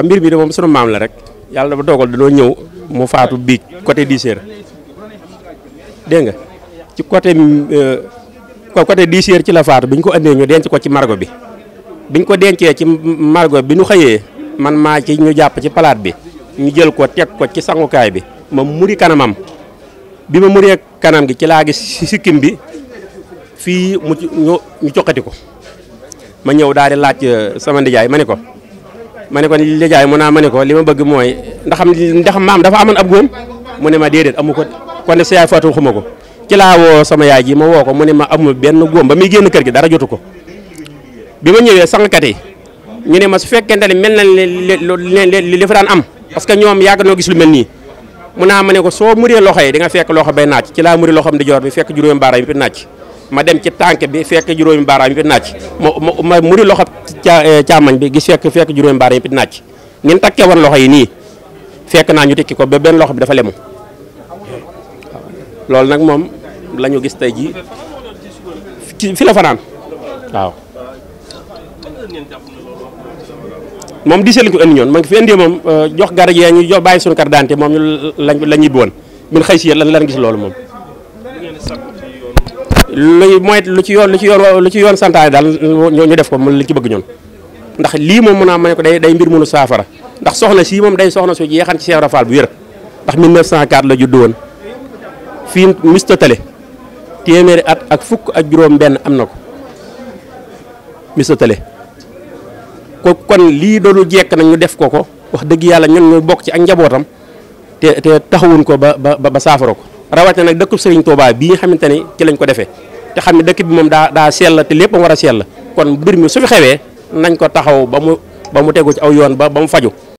waaw mbir bi de moom sunu maam la rek yàlla dafa dogal dañoo ñëw mu faatu biig côté Diséer dégg nga ci côté euh, côté Diséer ci la faatu bi ko andee ñu denc ko ci margo bi biñ ko dencee ci margo bi nu xëyee man maa ci ñu jàpp ci palaat bi ñu jël ko teg ko ci sangukaay bi ma muri kanamam bi ma muree kanam gi ci laa gis sikkim bi fii mu ñu ñu ko ma ñëw daal di laaj euh, sama ndijaay ma ne ko. ma ne ko li jaay mu naa ma ne ko li ma bëgg mooy ndaxam ndax maam dafa amoon ab góom mu ne ma déedéet amu ko kon ne sa yaay faatu xuma ko ci laa woo sama yaay ji ma woo ko mu ne ma amul benn góom ba muy génn kër gi dara jotu ko bi ma ñëwee sàngkat yi ñu ne ma su fekkente ne mel na li li fa daan am parce que ñoom yàgg noo gis lu mel nii mu naa ma ne ko soo yi di nga fekk loxo bay naaj ci naaj ma dem ci tànk bi fekk juróomi baaraam yi naaj ma ma muri loxo caa eh, càmmañ bi gis fekk fekk juróomi baaraam yi naaj ñun takkee woon loxo yi nii fekk naa ñu tekki ko ba benn loxo bi dafa lemu loolu nag moom la gis tey jii ci fi la fanaan waaw. moom di lañ ko indi ñoon ma ngi fi indi moom eh, jox garaj yaa ñu jox bàyyi suñu carte d'identité moom ñu lañ la ñibbi woon ñun xëy si lan lan gis loolu moom. mooy lu ci yoon lu ci yoon lu ci yoon santaane daal ñu def ko mu li ci bëgg ñun ndax lii moom mun a may ko day day mbir mënu saafara ndax soxna sii moom day soxna su jeexan ci Cheikh Ibra Fall bu wér ndax 1904 la judd woon fii mista tale téeméeri at ak fukk ak juróom benn am na ko mista tale ko kon lii doonu jekk na ñu def ko ko wax dëgg yàlla ñun ñu bokk ci ak njabootam te te taxawuñ ko ba ba ba saafara ko rawatina nag dëkkub Serigne Touba bii nga xamante ni ci lañ ko defee te xam ne dëkk bi moom daa daa sell te lépp war a la kon mbir mi su fi xewee nañ ko taxaw ba mu ba mu tegu ci aw yoon ba ba mu faju